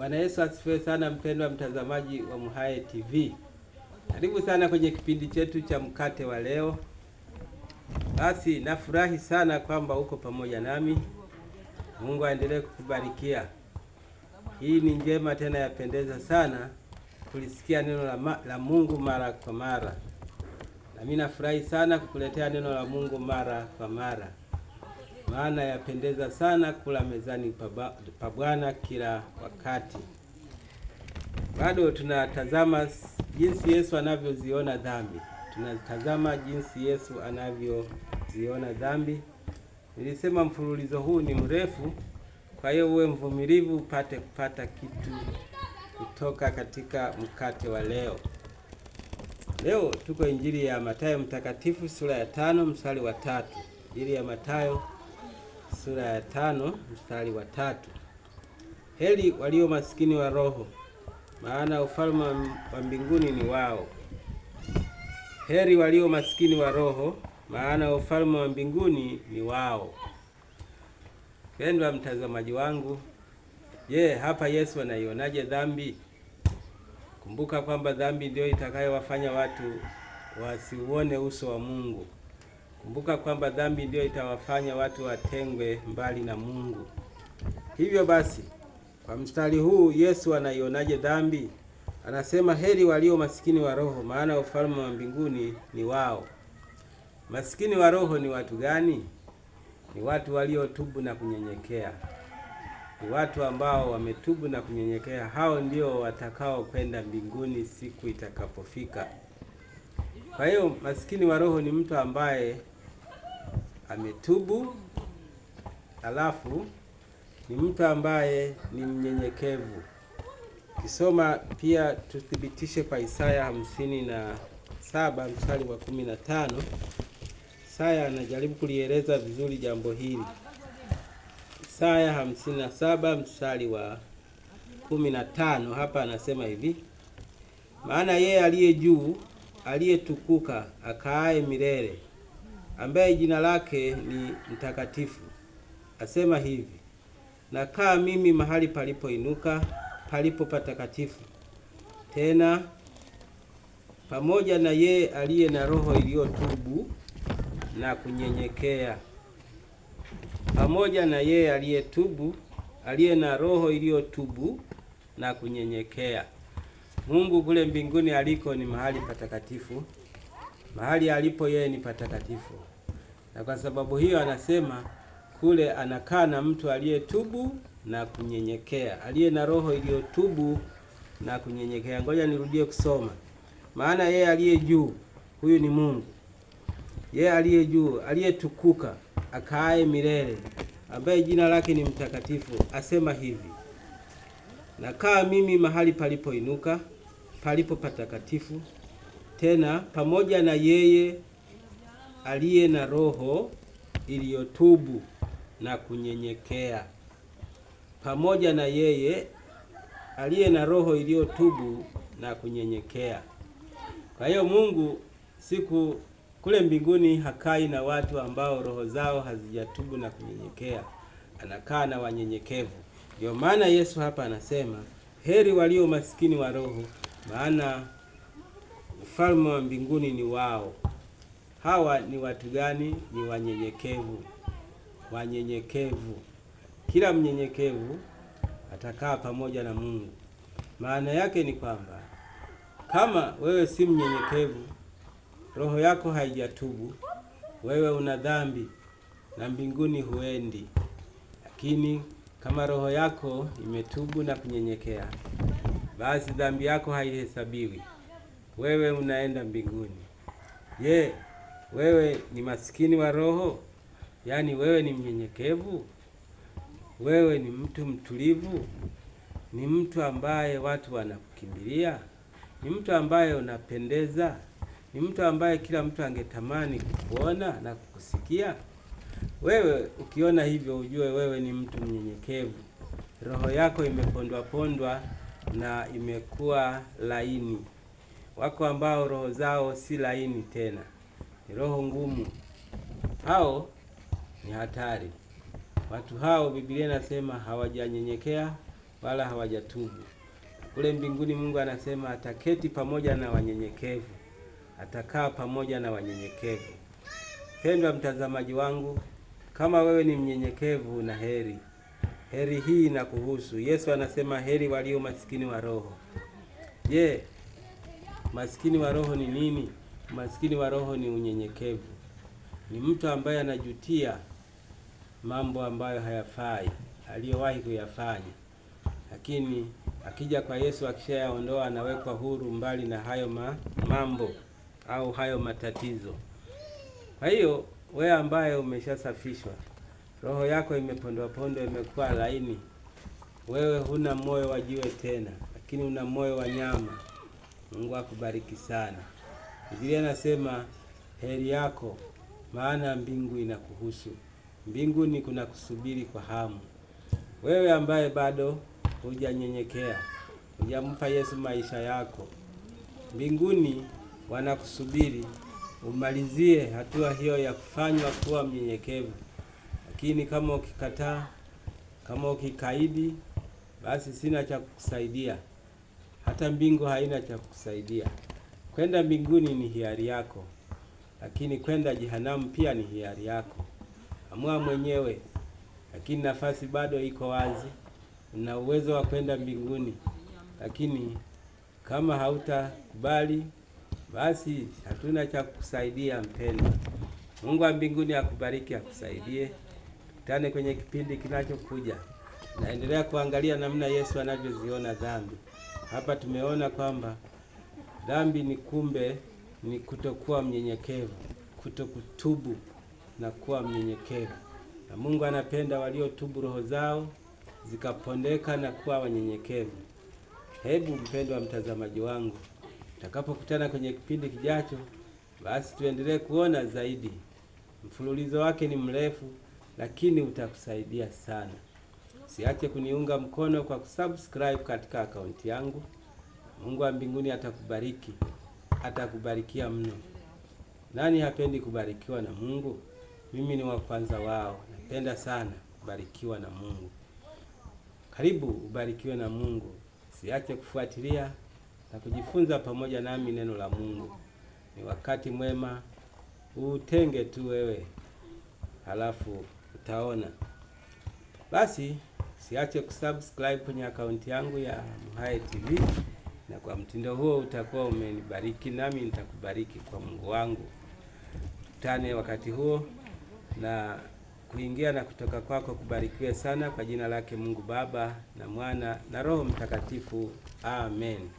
Bwana Yesu asifiwe sana, mpendwa mtazamaji wa MHAE TV, karibu sana kwenye kipindi chetu cha mkate wa leo. Basi nafurahi sana kwamba uko pamoja nami. Mungu aendelee kukubarikia. Hii ni njema tena yapendeza sana kulisikia neno la, ma, la Mungu mara kwa mara, nami nafurahi sana kukuletea neno la Mungu mara kwa mara maana yapendeza sana kula mezani pa Bwana kila wakati. Bado tunatazama jinsi Yesu anavyoziona dhambi, tunatazama jinsi Yesu anavyoziona dhambi. Nilisema mfululizo huu ni mrefu, kwa hiyo uwe mvumilivu upate kupata kitu kutoka katika mkate wa leo. Leo tuko Injili ya Mathayo mtakatifu sura ya tano mstari wa tatu. Injili ya Mathayo sura ya tano mstari wa tatu. Heri walio masikini wa roho, maana ufalme wa mbinguni ni wao. Heri walio masikini wa roho, maana ufalme wa mbinguni ni wao. Pendwa mtazamaji wangu, je, hapa Yesu anaionaje dhambi? Kumbuka kwamba dhambi ndio itakayowafanya watu wasiuone uso wa Mungu. Kumbuka kwamba dhambi ndiyo itawafanya watu watengwe mbali na Mungu. Hivyo basi, kwa mstari huu Yesu anaionaje dhambi? Anasema, heri walio masikini wa roho, maana ufalme wa mbinguni ni wao. Masikini wa roho ni watu gani? Ni watu waliotubu na kunyenyekea, ni watu ambao wametubu na kunyenyekea. Hao ndio watakaokwenda mbinguni siku itakapofika. Kwa hiyo masikini wa roho ni mtu ambaye ametubu, alafu ni mtu ambaye ni mnyenyekevu. Kisoma pia tuthibitishe kwa Isaya hamsini na saba mstari wa kumi na tano. Isaya anajaribu kulieleza vizuri jambo hili. Isaya hamsini na saba mstari wa kumi na tano hapa anasema hivi: maana yeye aliye juu aliyetukuka akaaye milele ambaye jina lake ni mtakatifu, asema hivi: nakaa mimi mahali palipoinuka, palipo patakatifu, tena pamoja na yeye aliye na roho iliyotubu na kunyenyekea, pamoja na yeye aliyetubu, aliye na roho iliyotubu na kunyenyekea. Mungu kule mbinguni aliko ni mahali patakatifu mahali alipo yeye ni patakatifu, na kwa sababu hiyo anasema kule anakaa na mtu aliyetubu na kunyenyekea, aliye na roho iliyotubu na kunyenyekea. Ngoja nirudie kusoma, maana yeye aliye juu, huyu ni Mungu, yeye aliye juu, aliyetukuka, akaaye milele, ambaye jina lake ni mtakatifu, asema hivi: nakaa mimi mahali palipoinuka, palipo patakatifu tena pamoja na yeye aliye na roho iliyotubu na kunyenyekea, pamoja na yeye aliye na roho iliyotubu na kunyenyekea. Kwa hiyo Mungu siku kule mbinguni hakai na watu ambao roho zao hazijatubu na kunyenyekea, anakaa na wanyenyekevu. Ndio maana Yesu hapa anasema heri walio maskini wa roho, maana ufalme wa mbinguni ni wao. Hawa ni watu gani? Ni wanyenyekevu. Wanyenyekevu, kila mnyenyekevu atakaa pamoja na Mungu. Maana yake ni kwamba kama wewe si mnyenyekevu, roho yako haijatubu, wewe una dhambi na mbinguni huendi. Lakini kama roho yako imetubu na kunyenyekea, basi dhambi yako haihesabiwi wewe unaenda mbinguni. Je, wewe ni maskini wa roho? Yaani wewe ni mnyenyekevu? Wewe ni mtu mtulivu? Ni mtu ambaye watu wanakukimbilia? Ni mtu ambaye unapendeza? Ni mtu ambaye kila mtu angetamani kukuona na kukusikia? Wewe ukiona hivyo, ujue wewe ni mtu mnyenyekevu. Roho yako imepondwa pondwa na imekuwa laini. Wako ambao roho zao si laini tena, ni roho ngumu. Hao ni hatari. Watu hao Biblia inasema hawajanyenyekea wala hawajatubu. Kule mbinguni Mungu anasema ataketi pamoja na wanyenyekevu, atakaa pamoja na wanyenyekevu. Pendwa mtazamaji wangu, kama wewe ni mnyenyekevu na heri, heri hii na kuhusu. Yesu anasema heri walio masikini wa roho. Je, Maskini wa roho ni nini? Umaskini wa roho ni unyenyekevu, ni mtu ambaye anajutia mambo ambayo hayafai aliyowahi kuyafanya, lakini akija kwa Yesu, akishayaondoa anawekwa huru mbali na hayo ma, mambo au hayo matatizo. Kwa hiyo wewe ambaye umeshasafishwa, roho yako imepondwa pondwa, imekuwa laini, wewe huna moyo wa jiwe tena, lakini una moyo wa nyama. Mungu akubariki sana. Biblia inasema heri yako, maana mbingu inakuhusu. Mbinguni kuna kusubiri kwa hamu. Wewe ambaye bado hujanyenyekea, hujampa Yesu maisha yako, mbinguni wanakusubiri umalizie hatua hiyo ya kufanywa kuwa mnyenyekevu. Lakini kama ukikataa, kama ukikaidi, basi sina cha kukusaidia hata mbingu haina cha kusaidia Kwenda mbinguni ni hiari yako, lakini kwenda jehanamu pia ni hiari yako. Amua mwenyewe, lakini nafasi bado iko wazi. Una uwezo wa kwenda mbinguni, lakini kama hautakubali, basi hatuna cha kukusaidia mpendwa. Mungu wa mbinguni akubariki, akusaidie. Tukutane kwenye kipindi kinachokuja. Naendelea kuangalia namna Yesu anavyoziona dhambi. Hapa tumeona kwamba dhambi ni kumbe ni kutokuwa mnyenyekevu, kutokutubu na kuwa mnyenyekevu, na Mungu anapenda waliotubu roho zao zikapondeka na kuwa wanyenyekevu. Hebu mpendwa mtazamaji wangu, utakapokutana kwenye kipindi kijacho, basi tuendelee kuona zaidi. Mfululizo wake ni mrefu, lakini utakusaidia sana. Usiache kuniunga mkono kwa kusubscribe katika akaunti yangu. Mungu wa mbinguni atakubariki, atakubarikia mno. Nani hapendi kubarikiwa na Mungu? Mimi ni wa kwanza wao, napenda sana kubarikiwa na Mungu. Karibu ubarikiwe na Mungu. Usiache kufuatilia na kujifunza pamoja nami neno la Mungu. Ni wakati mwema, utenge tu wewe, halafu utaona basi. Usiache kusubscribe kwenye akaunti yangu ya MHAE TV, na kwa mtindo huo utakuwa umenibariki nami nitakubariki kwa Mungu wangu. Tukutane wakati huo, na kuingia na kutoka kwako kubarikiwe sana, kwa jina lake Mungu Baba na Mwana na Roho Mtakatifu. Amen.